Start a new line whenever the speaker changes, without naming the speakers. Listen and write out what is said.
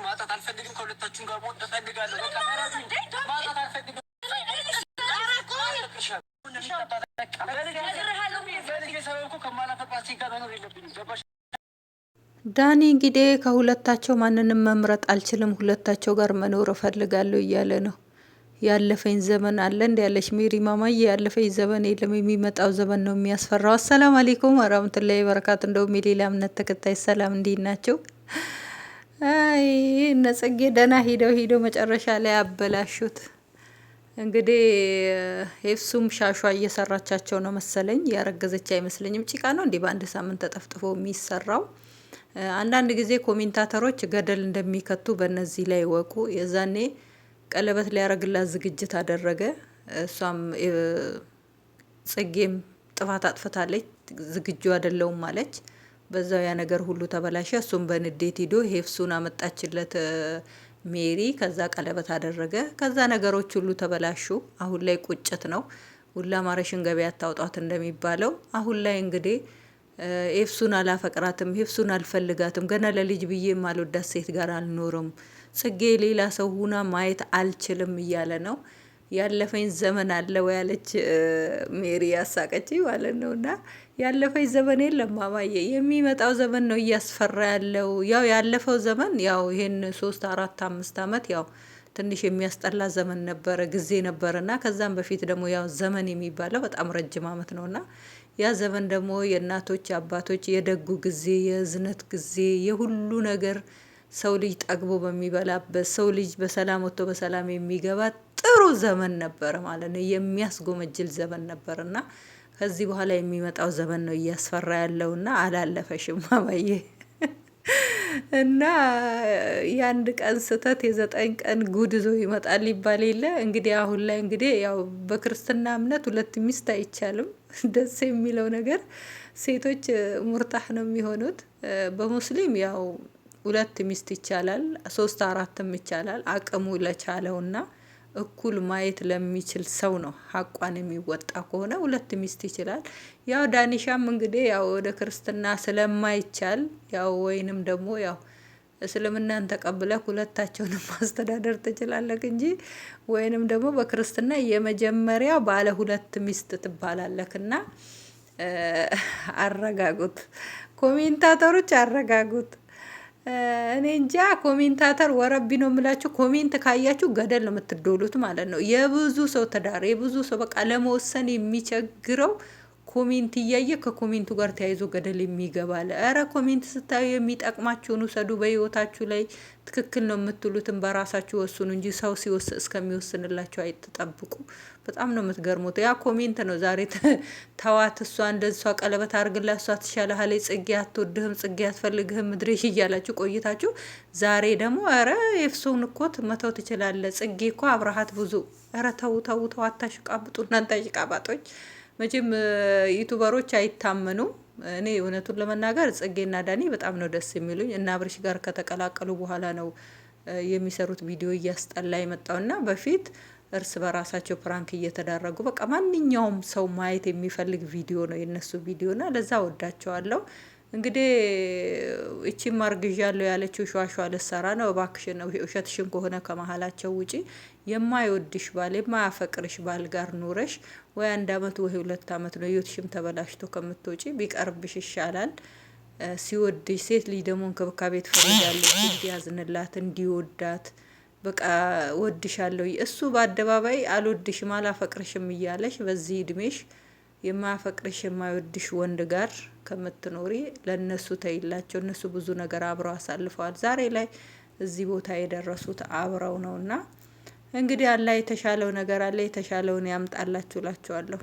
ሁለታችሁን ማጣት አልፈልግም። ጋር መሆን እፈልጋለሁ። ዳኒ እንግዲህ ከሁለታቸው ማንንም መምረጥ አልችልም፣ ሁለታቸው ጋር መኖር እፈልጋለሁ እያለ ነው። ያለፈኝ ዘመን አለ እንዲ ያለች ሜሪ ማማዬ፣ ያለፈኝ ዘመን የለም የሚመጣው ዘመን ነው የሚያስፈራው። አሰላም አሌይኩም ወራህመቱላሂ በረካት እንደውም የሌላ እምነት ተከታይ ሰላም እንዴት ናቸው? አይ እነ ጽጌ ደህና ሂደው ሂደው መጨረሻ ላይ አበላሹት። እንግዲህ ኤፍሱም ሻሿ እየሰራቻቸው ነው መሰለኝ። ያረገዘች አይመስለኝም። ጭቃ ነው እንዲህ በአንድ ሳምንት ተጠፍጥፎ የሚሰራው። አንዳንድ ጊዜ ኮሜንታተሮች ገደል እንደሚከቱ በእነዚህ ላይ ወቁ። የዛኔ ቀለበት ሊያረግላት ዝግጅት አደረገ። እሷም ጽጌም ጥፋት አጥፍታለች፣ ዝግጁ አይደለውም አለች። በዛው ያ ነገር ሁሉ ተበላሸ። እሱም በንዴት ሂዶ ሄፍሱን አመጣችለት ሜሪ። ከዛ ቀለበት አደረገ። ከዛ ነገሮች ሁሉ ተበላሹ። አሁን ላይ ቁጭት ነው። ሁላ ማረሽን ገበያ አታውጧት እንደሚባለው አሁን ላይ እንግዲህ ኤፍሱን አላፈቅራትም፣ ኤፍሱን አልፈልጋትም፣ ገና ለልጅ ብዬ የማልወዳት ሴት ጋር አልኖርም፣ ጽጌ ሌላ ሰው ሁና ማየት አልችልም እያለ ነው። ያለፈኝ ዘመን አለ ወይ ያለች ሜሪ ያሳቀች ማለት ነው። እና ያለፈኝ ዘመን የለም ማማዬ፣ የሚመጣው ዘመን ነው እያስፈራ ያለው። ያው ያለፈው ዘመን ያው ይሄን ሶስት አራት አምስት አመት ያው ትንሽ የሚያስጠላ ዘመን ነበረ ጊዜ ነበረ እና ከዛም በፊት ደግሞ ያው ዘመን የሚባለው በጣም ረጅም አመት ነው እና ያ ዘመን ደግሞ የእናቶች አባቶች የደጉ ጊዜ የእዝነት ጊዜ የሁሉ ነገር ሰው ልጅ ጠግቦ በሚበላበት ሰው ልጅ በሰላም ወጥቶ በሰላም የሚገባት ጥሩ ዘመን ነበር ማለት ነው። የሚያስጎመጅል ዘመን ነበር እና ከዚህ በኋላ የሚመጣው ዘመን ነው እያስፈራ ያለውና አላለፈሽም አባዬ እና የአንድ ቀን ስህተት የዘጠኝ ቀን ጉድ ይዞ ይመጣል ይባል የለ እንግዲህ። አሁን ላይ እንግዲህ ያው በክርስትና እምነት ሁለት ሚስት አይቻልም። ደስ የሚለው ነገር ሴቶች ሙርታህ ነው የሚሆኑት። በሙስሊም ያው ሁለት ሚስት ይቻላል፣ ሶስት አራትም ይቻላል አቅሙ ለቻለውና እኩል ማየት ለሚችል ሰው ነው ሀቋን የሚወጣ ከሆነ ሁለት ሚስት ይችላል። ያው ዳኒሻም እንግዲህ ያው ወደ ክርስትና ስለማይቻል ያው ወይንም ደግሞ ያው እስልምናን ተቀብለህ ሁለታቸውንም ማስተዳደር ትችላለህ እንጂ ወይንም ደግሞ በክርስትና የመጀመሪያ ባለ ሁለት ሚስት ትባላለክና አረጋጉት፣ ኮሜንታተሮች አረጋጉት። እኔ እንጃ ኮሜንታተር ወረቢ ነው የምላችሁ። ኮሜንት ካያችሁ ገደል ነው የምትዶሉት ማለት ነው። የብዙ ሰው ትዳር የብዙ ሰው በቃ ለመወሰን የሚቸግረው ኮሜንት እያየ ከኮሜንቱ ጋር ተያይዞ ገደል የሚገባለ። እረ ኮሜንት ስታዩ የሚጠቅማችሁን ውሰዱ። በህይወታችሁ ላይ ትክክል ነው የምትሉትን በራሳችሁ ወስኑ እንጂ ሰው ሲወስ እስከሚወስንላቸው አይጠብቁ። በጣም ነው የምትገርሙት። ያ ኮሜንት ነው ዛሬ ተዋት፣ እሷ እንደሷ ቀለበት አርግላ፣ እሷ ትሻልሃለች፣ ጽጌ አትወድህም፣ ጽጌ አትፈልግህም፣ ምድሬሽ እያላችሁ ቆይታችሁ ዛሬ ደግሞ ረ የፍሶውን እኮት መተው ትችላለ፣ ጽጌ እኮ አብረሃት ብዙ ረ ተው ተው ተው፣ አታሽቃብጡ እናንተ መቼም ዩቱበሮች አይታመኑም። እኔ እውነቱን ለመናገር ጽጌና ዳኒ በጣም ነው ደስ የሚሉኝ እና አብርሽ ጋር ከተቀላቀሉ በኋላ ነው የሚሰሩት ቪዲዮ እያስጠላ የመጣውና በፊት እርስ በራሳቸው ፕራንክ እየተዳረጉ በቃ ማንኛውም ሰው ማየት የሚፈልግ ቪዲዮ ነው የነሱ ቪዲዮና ለዛ ወዳቸዋለሁ። እንግዲህ እቺ አርግዣለሁ ያለችው ሸዋሸዋ ልትሰራ ነው። እባክሽን ነው ውሸትሽን ከሆነ ከመሀላቸው ውጪ የማይወድሽ ባል የማያፈቅርሽ ባል ጋር ኑረሽ ወይ አንድ አመት ወይ ሁለት አመት ነው ህይወትሽም ተበላሽቶ ከምትወጪ ቢቀርብሽ ይሻላል። ሲወድሽ ሴት ልጅ ደግሞ እንክብካቤ ትፈልጋለች። እንዲያዝንላት እንዲወዳት በቃ ወድሻለሁ እሱ በአደባባይ አልወድሽም አላፈቅርሽም እያለሽ በዚህ እድሜሽ የማያፈቅርሽ የማይወድሽ ወንድ ጋር ከምትኖሪ ለእነሱ ተይላቸው። እነሱ ብዙ ነገር አብረው አሳልፈዋል። ዛሬ ላይ እዚህ ቦታ የደረሱት አብረው ነውና እንግዲህ አላህ የተሻለው ነገር አለ። የተሻለውን ያምጣላችሁ እላችኋለሁ።